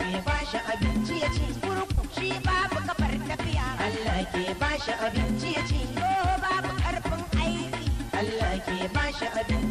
Allah ke bashi abinci ya ci kurku shi babu kafar tafiya Allah ke bashi abinci ya ci ko babu karfin aiki Allah ke bashi abinci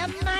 Am